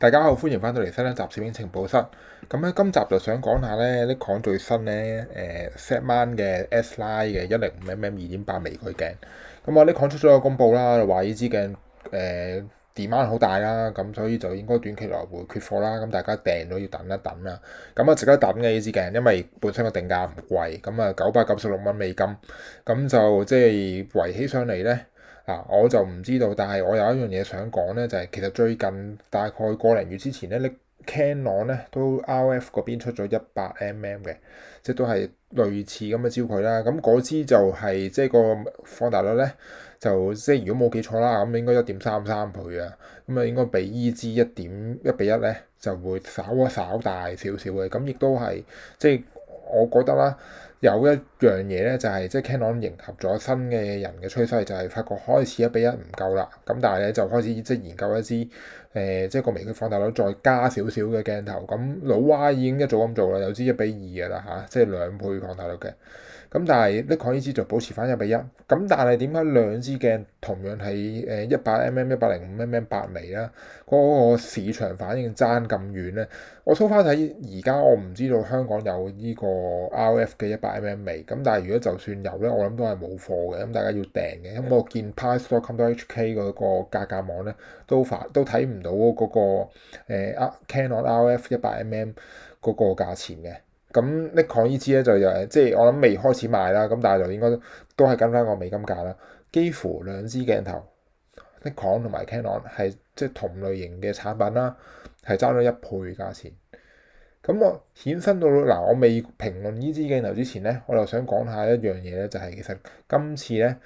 大家好，歡迎翻到嚟新一集攝影情報室。咁、嗯、咧，今集就想講下咧，呢款最新咧，誒 Z Mount 嘅 S Line 嘅一零五 mm 二點八微距鏡。咁、嗯、啊，呢款出咗個公佈啦，話呢支鏡誒 demand 好大啦，咁、嗯、所以就應該短期內會缺貨啦。咁、嗯、大家訂都要等一等啦。咁、嗯、啊，值得等嘅呢支鏡，因為本身個定價唔貴，咁啊，九百九十六蚊美金，咁、嗯、就即係圍起上嚟咧。啊，我就唔知道，但係我有一樣嘢想講咧，就係、是、其實最近大概個零月之前咧，你 Canon 咧都 RF 嗰邊出咗一百 mm 嘅，即係都係類似咁嘅焦距啦。咁嗰支就係、是、即係個放大率咧，就即係如果冇記錯啦，咁應該一點三三倍啊。咁啊，應該比 e 支一點一比一咧，就會稍一稍大少少嘅。咁亦都係即係我覺得啦，有一一樣嘢咧就係、是、即係 Canon 迎合咗新嘅人嘅趨勢，就係、是、發覺開始一比一唔夠啦，咁但係咧就開始即係研究一支誒即係一個微距放大率再加少少嘅鏡頭。咁老蛙已經一早咁做啦，有支一比二嘅啦吓，即、啊、係、就是、兩倍放大率嘅。咁但係 Nikon 呢支就保持翻一比一。咁但係點解兩支鏡同樣係誒一百 mm, 100 mm, mm, mm、一百零五 mm 八微啦，嗰個市場反應爭咁遠咧？我數返睇而家我唔知道香港有呢個 RF 嘅一百 mm 微。咁但係如果就算有咧，我諗都係冇貨嘅，咁大家要訂嘅。咁我見 Price.com.hk 嗰個價格網咧都發都睇唔到嗰、嗰個誒、呃、Canon RF 一百 mm 嗰個價錢嘅。咁 Nikon 呢支咧就又即係我諗未開始賣啦，咁但係就應該都係跟翻個美金價啦。幾乎兩支鏡頭，Nikon 同埋 Canon 係即係、就是、同類型嘅產品啦，係爭咗一倍價錢。咁我衍生到嗱、啊，我未評論呢支鏡頭之前咧，我就想講一下一樣嘢咧，就係、是、其實今次咧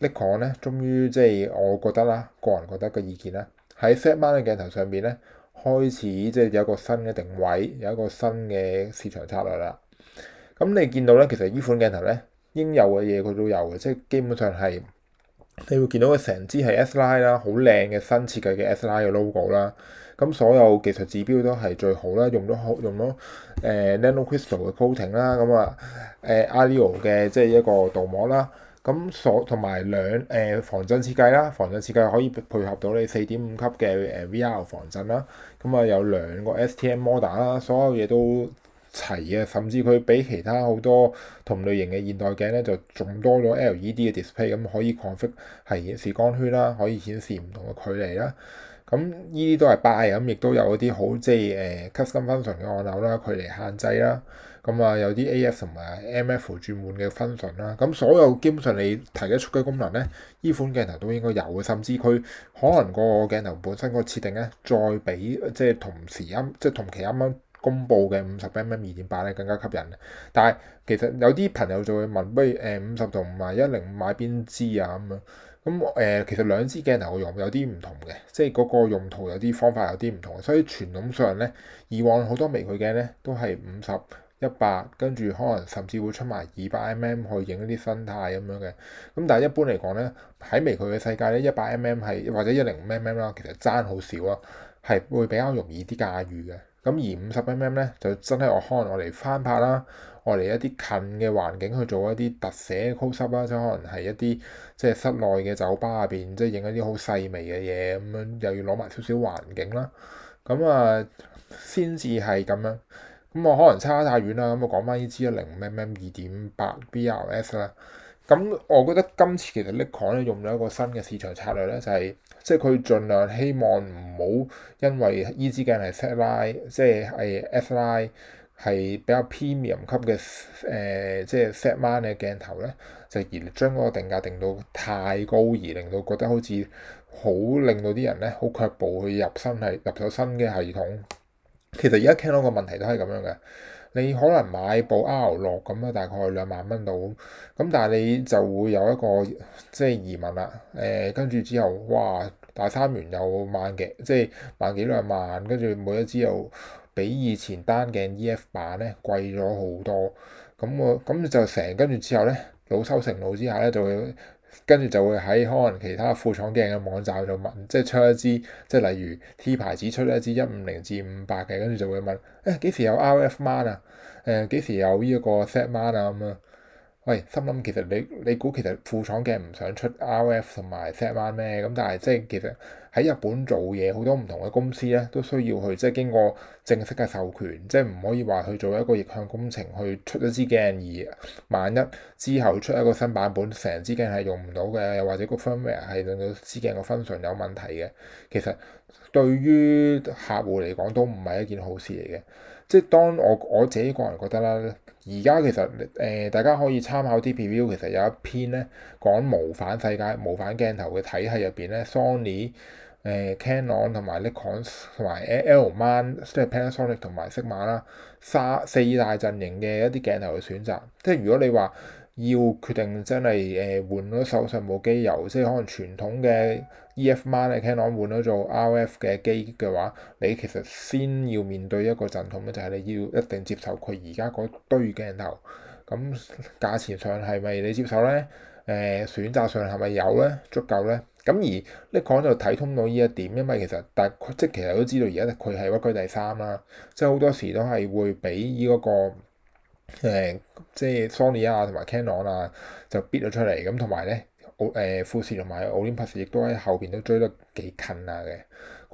，Nikon 咧，終於即係我覺得啦，個人覺得嘅意見啦，喺 Z mount 嘅鏡頭上邊咧，開始即係有一個新嘅定位，有一個新嘅市場策略啦。咁你見到咧，其實呢款鏡頭咧，應有嘅嘢佢都有嘅，即係基本上係。你會見到佢成支係 S Line 啦，好靚嘅新設計嘅 S Line 嘅 logo 啦。咁所有技術指標都係最好、呃 nano、啦，用咗好用咗誒 nano crystal 嘅 coating 啦。咁、呃、啊誒 ario 嘅即係一個導膜啦。咁所同埋兩誒、呃、防震設計啦，防震設計可以配合到你四點五級嘅誒、呃、VR 防震啦。咁啊有兩個 STM model 啦，所有嘢都齊啊！甚至佢比其他好多同類型嘅現代鏡咧，就仲多咗 LED 嘅 display，咁可以 config 係顯示光圈啦，可以顯示唔同嘅距離啦。咁呢啲都係 buy，咁亦都有一啲好即係誒、呃、custom function 嘅按鈕啦，距離限制啦，咁啊有啲 AF 同埋 MF 轉換嘅 function 啦。咁所有基本上你提得出嘅功能咧，呢款鏡頭都應該有嘅。甚至佢可能嗰個鏡頭本身嗰個設定咧，再俾即係同時啱，即係同期啱，啱。公布嘅五十 mm 二點八咧更加吸引，但係其實有啲朋友就會問，不如誒五十同埋一零五買邊支啊咁樣咁誒、嗯呃？其實兩支鏡頭用有啲唔同嘅，即係嗰個用途有啲方法有啲唔同，所以傳統上咧以往好多微距鏡咧都係五十一百，跟住可能甚至會出埋二百 mm 去影一啲生態咁樣嘅。咁但係一般嚟講咧喺微距嘅世界咧，一百 mm 係或者一零五 mm 啦，其實爭好少啊，係會比較容易啲駕馭嘅。咁而五十 mm 咧就真係我可能我嚟翻拍啦，我嚟一啲近嘅環境去做一啲特寫嘅 close up 啦，即可能係一啲即係室內嘅酒吧入邊，即係影一啲好細微嘅嘢咁樣，又要攞埋少少環境啦，咁啊先至係咁樣。咁我可能差太遠、mm，啦，咁我講翻呢支一零五 mm 二點八 BRS 啦。咁我覺得今次其實 Nikon 咧用咗一個新嘅市場策略咧，就係、是。即係佢盡量希望唔好因為呢、e、支鏡係 S line，即係係 S line 係比較 premium 級嘅誒、呃，即係 S line 嘅鏡頭咧，就而將嗰個定價定到太高，而令到覺得好似好令到啲人咧好卻步去入新係入咗新嘅系統。其實而家聽到個問題都係咁樣嘅。你可能買部 R 六咁啦，大概兩萬蚊到咁，咁但係你就會有一個即係疑問啦。誒、呃，跟住之後，哇，大三元又萬幾，即係萬幾兩萬，跟住每一支又比以前單鏡 E F 版咧貴咗好多。咁我咁就成，跟住之後咧，老羞成怒之下咧，就會。跟住就會喺可能其他副廠鏡嘅網站度問，即係出一支，即係例如 T 牌子出一支一五零至五百嘅，跟住就會問，誒、欸、幾時有 RF mount 啊？誒、呃、幾時有呢一個 Z mount 啊？咁啊，喂，心諗其實你你估其實副廠鏡唔想出 RF 同埋 Z mount 咩？咁但係即係其實。喺日本做嘢，好多唔同嘅公司咧都需要去即係經過正式嘅授權，即係唔可以話去做一個逆向工程去出一支鏡。而萬一之後出一個新版本，成支鏡係用唔到嘅，又或者個 firmware 係令到支鏡個 function 有問題嘅。其實對於客戶嚟講都唔係一件好事嚟嘅。即係當我我自己個人覺得啦，而家其實誒、呃、大家可以參考 T P U，其實有一篇咧講無反世界無反鏡頭嘅體系入邊咧，Sony。誒、呃、Canon 同埋 Nikon 同埋 L-Mount 即係 Panasonic 同埋 Sigma 啦，三、啊、四大陣營嘅一啲鏡頭嘅選擇。即係如果你話要決定真係誒、呃、換咗手上部機油，即係可能傳統嘅 EF-Mount Canon 換咗做 RF 嘅機嘅話，你其實先要面對一個陣痛咧，就係、是、你要一定接受佢而家嗰堆鏡頭。咁價錢上係咪你接受咧？誒、呃、選擇上係咪有咧？足夠咧？咁而你講就睇通到呢一點，因為其實但即其實都知道而家佢係屈居第三啦，即好多時都係會俾、呢個呃嗯、呢嗰個誒即 Sony 啊同埋 Canon 啊就 beat 咗出嚟，咁同埋咧奧富士同埋 Olympus 亦都喺後邊都追得幾近啊嘅。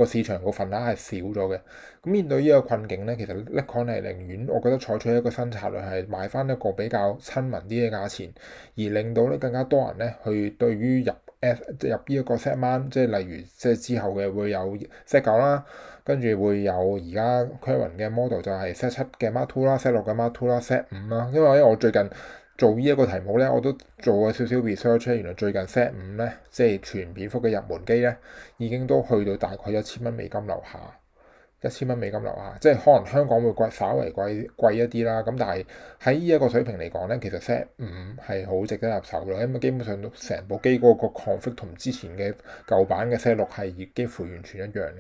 個市場個份額係少咗嘅，咁面對呢個困境咧，其實 Nikon 可能係寧願，我覺得採取一個新策略，係買翻一個比較親民啲嘅價錢，而令到咧更加多人咧去對於入 Z 入呢一個 Z mount 即係例如即係之後嘅會有 Z 九啦，跟住會有而家 current 嘅 model 就係 Z 七嘅 Mark Two 啦，Z 六嘅 Mark Two 啦，Z 五啦，因為因我最近，做呢一個題目咧，我都做過少少 research。原來最近 Z5 咧，即係全片幅嘅入門機咧，已經都去到大概一千蚊美金樓下，一千蚊美金樓下。即係可能香港會貴，稍微貴貴一啲啦。咁但係喺呢一個水平嚟講咧，其實 Z5 係好值得入手咯，因為基本上都成部機嗰個 config 同之前嘅舊版嘅 Z6 係幾乎完全一樣嘅。咁、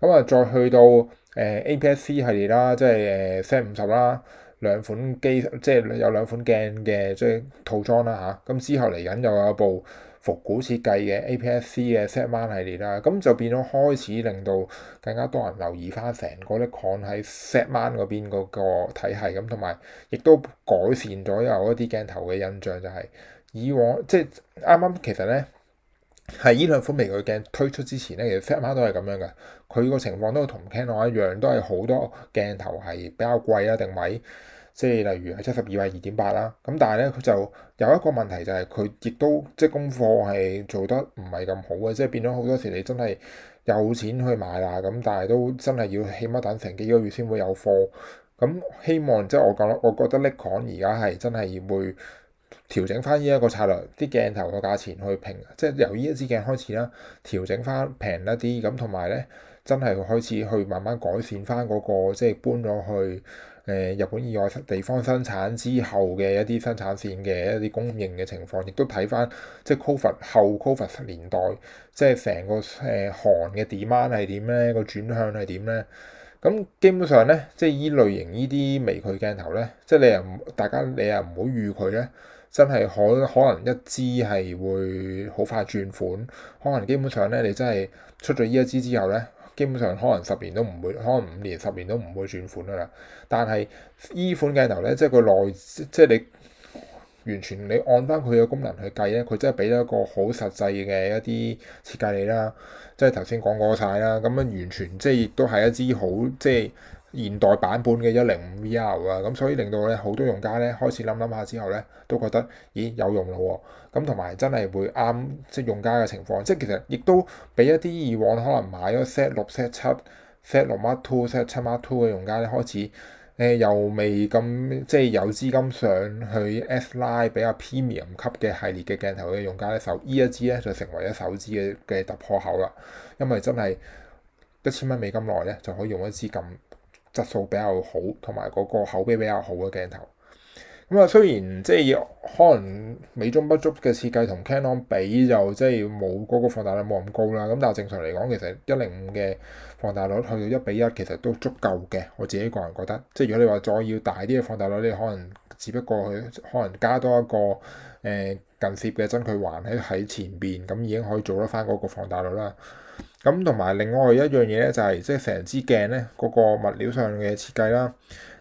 嗯、啊，再去到誒、呃、APS-C 系列啦，即係誒 Z50 啦。兩款機即係有兩款鏡嘅即係套裝啦吓，咁、啊、之後嚟緊又有一部復古設計嘅 APS-C 嘅 Z Mount 系列啦，咁就變咗開始令到更加多人留意翻成個咧 Con 喺 Z Mount 嗰邊嗰、嗰個體系咁，同埋亦都改善咗有一啲鏡頭嘅印象，就係以往即係啱啱其實咧。係呢兩款微距鏡推出之前咧，其實 F Mount 都係咁樣嘅，佢個情況都同 Canon 一樣，都係好多鏡頭係比較貴啦定位，即係例如係七十二或二點八啦。咁但係咧，佢就有一個問題就係、是、佢亦都即係供貨係做得唔係咁好嘅，即係變咗好多時你真係有錢去買啦，咁但係都真係要起碼等成幾個月先會有貨。咁希望即係我講，我覺得 Nikon 而家係真係會。調整翻呢一個策略，啲鏡頭個價錢去平，即係由呢一支鏡開始啦。調整翻平一啲咁，同埋咧真係開始去慢慢改善翻、那、嗰個，即係搬咗去誒、呃、日本以外地方生產之後嘅一啲生產線嘅一啲供應嘅情況，亦都睇翻即係 COVID 後 COVID 年代，即係成個誒行嘅 demand 係點咧？呃呢那個轉向係點咧？咁基本上咧，即係依類型呢啲微距鏡頭咧，即係你又唔大家你又唔好預佢咧。真係可可能一支係會好快轉款，可能基本上咧，你真係出咗呢一支之後咧，基本上可能十年都唔會，可能五年十年都唔會轉款噶啦。但係呢款鏡頭咧，即係佢內即係你完全你按翻佢嘅功能去計咧，佢真係俾咗一個好實際嘅一啲設計你啦。即係頭先講過晒啦，咁樣完全即係亦都係一支好即係。現代版本嘅一零五 VR 啊，咁所以令到咧好多用家咧開始諗諗下之後咧，都覺得咦有用咯喎、啊！咁同埋真係會啱即用家嘅情況，即係其實亦都俾一啲以往可能買咗 Z 六 Z 七 Z 六 mark two Z 七 mark two 嘅用家咧，開始誒、呃、又未咁即係有資金上去 S line 比較 premium 級嘅系列嘅鏡頭嘅用家咧，受依一支咧就成為咗手支嘅嘅突破口啦，因為真係一千蚊美金內咧就可以用一支咁，質素比較好，同埋嗰個口碑比較好嘅鏡頭。咁啊、嗯，雖然即係可能美中不足嘅設計同 Canon 比就即係冇嗰個放大率冇咁高啦。咁但係正常嚟講，其實一零五嘅放大率去到一比一其實都足夠嘅。我自己個人覺得，即係如果你話再要大啲嘅放大率，你可能只不過去可能加多一個誒、呃、近攝嘅增距環喺喺前邊，咁已經可以做得返嗰個放大率啦。咁同埋另外一樣嘢咧，就係、是、即係成支鏡咧嗰、那個物料上嘅設計啦，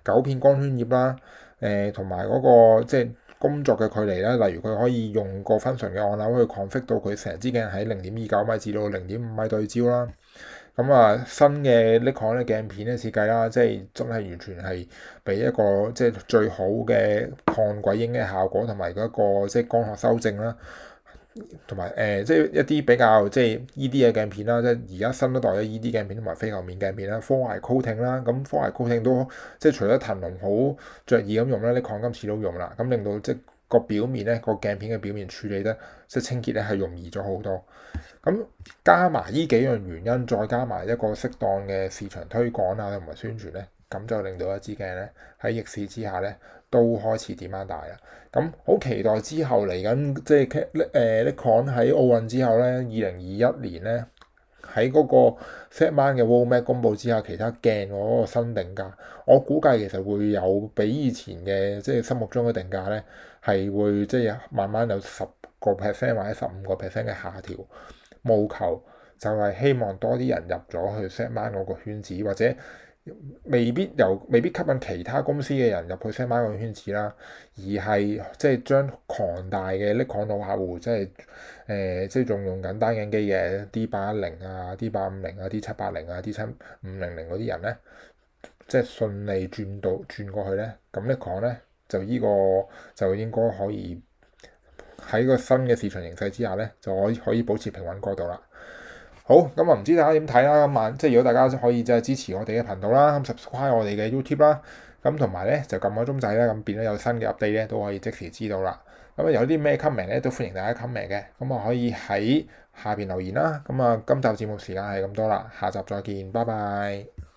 九片光圈葉啦。誒同埋嗰個即係、就是、工作嘅距離啦，例如佢可以用個 function 嘅按鈕去 config 到佢成支鏡喺零點二九米至到零點五米對焦啦。咁啊，新嘅 Nikon 嘅鏡片嘅設計啦，即、就、係、是、真係完全係俾一個即係、就是、最好嘅抗鬼影嘅效果同埋嗰一個即係光學修正啦。同埋誒，即係一啲比較即係 ED 嘅鏡片啦，即係而家新一代嘅 ED 鏡片同埋非球面鏡片啦，氟化 coating 啦，咁氟化 coating 都即係除咗騰龍好着意咁用啦，啲鋼金翅都用啦，咁令到即係個表面咧個鏡片嘅表面處理得即係清潔咧係容易咗好多。咁加埋呢幾樣原因，再加埋一個適當嘅市場推廣啊，同埋宣傳咧。咁就令到一支鏡咧喺逆市之下咧都開始 demand 大啦。咁好期待之後嚟緊，即係誒 Nikon 喺奧運之後咧，二零二一年咧喺嗰個 Z Mount 嘅 roadmap 公佈之下，其他鏡嗰個新定價，我估計其實會有比以前嘅即係心目中嘅定價咧，係會即係慢慢有十個 percent 或者十五個 percent 嘅下調。務求就係希望多啲人入咗去 Z Mount 嗰個圈子，或者～未必由未必吸引其他公司嘅人入去 set 翻個圈子啦，而係即係將龐大嘅 Nikon 老客戶，即係誒即係仲、呃、用緊單影機嘅 D 八一零啊、D 八五零啊、D 七八零啊、D 七五零零嗰啲人咧，即係順利轉到轉過去咧，咁 Nikon 咧就呢、這個就應該可以喺個新嘅市場形勢之下咧，就可以可以保持平穩過度啦。好咁啊！唔、嗯、知大家點睇啦？今晚即係如果大家可以即係、就是、支持我哋嘅頻道啦，subscribe、嗯、我哋嘅 YouTube 啦、嗯，咁同埋咧就撳個鐘仔啦。咁變咗有新嘅 update 咧都可以即時知道啦。咁、嗯、啊有啲咩 comment 咧都歡迎大家 comment 嘅，咁、嗯、啊可以喺下邊留言啦。咁、嗯、啊今集節目時間係咁多啦，下集再見，拜拜。